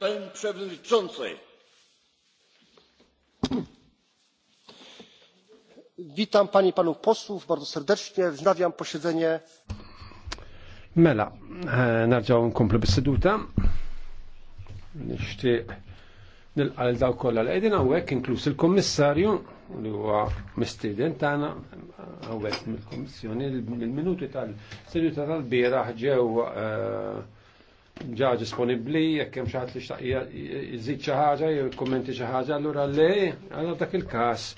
Panie Przewodniczący! Witam Panie i Panów Posłów bardzo serdecznie. Wznawiam posiedzenie. Mela, nerġaw nkomplu bis-seduta. Nixtieq nilqa' l daw kollha li qegħdin hawnhekk inkluż il-Kummissarju li huwa mistieden tagħna hawnhekk mill-Kummissjoni il-minuti tal-seduta tal-bieraħ ġew e, ġaġ disponibli, jekk hemm xi li xtaq jżid xi ħaġa jew kommenti xi ħaġa, allura lej, għal dak il-każ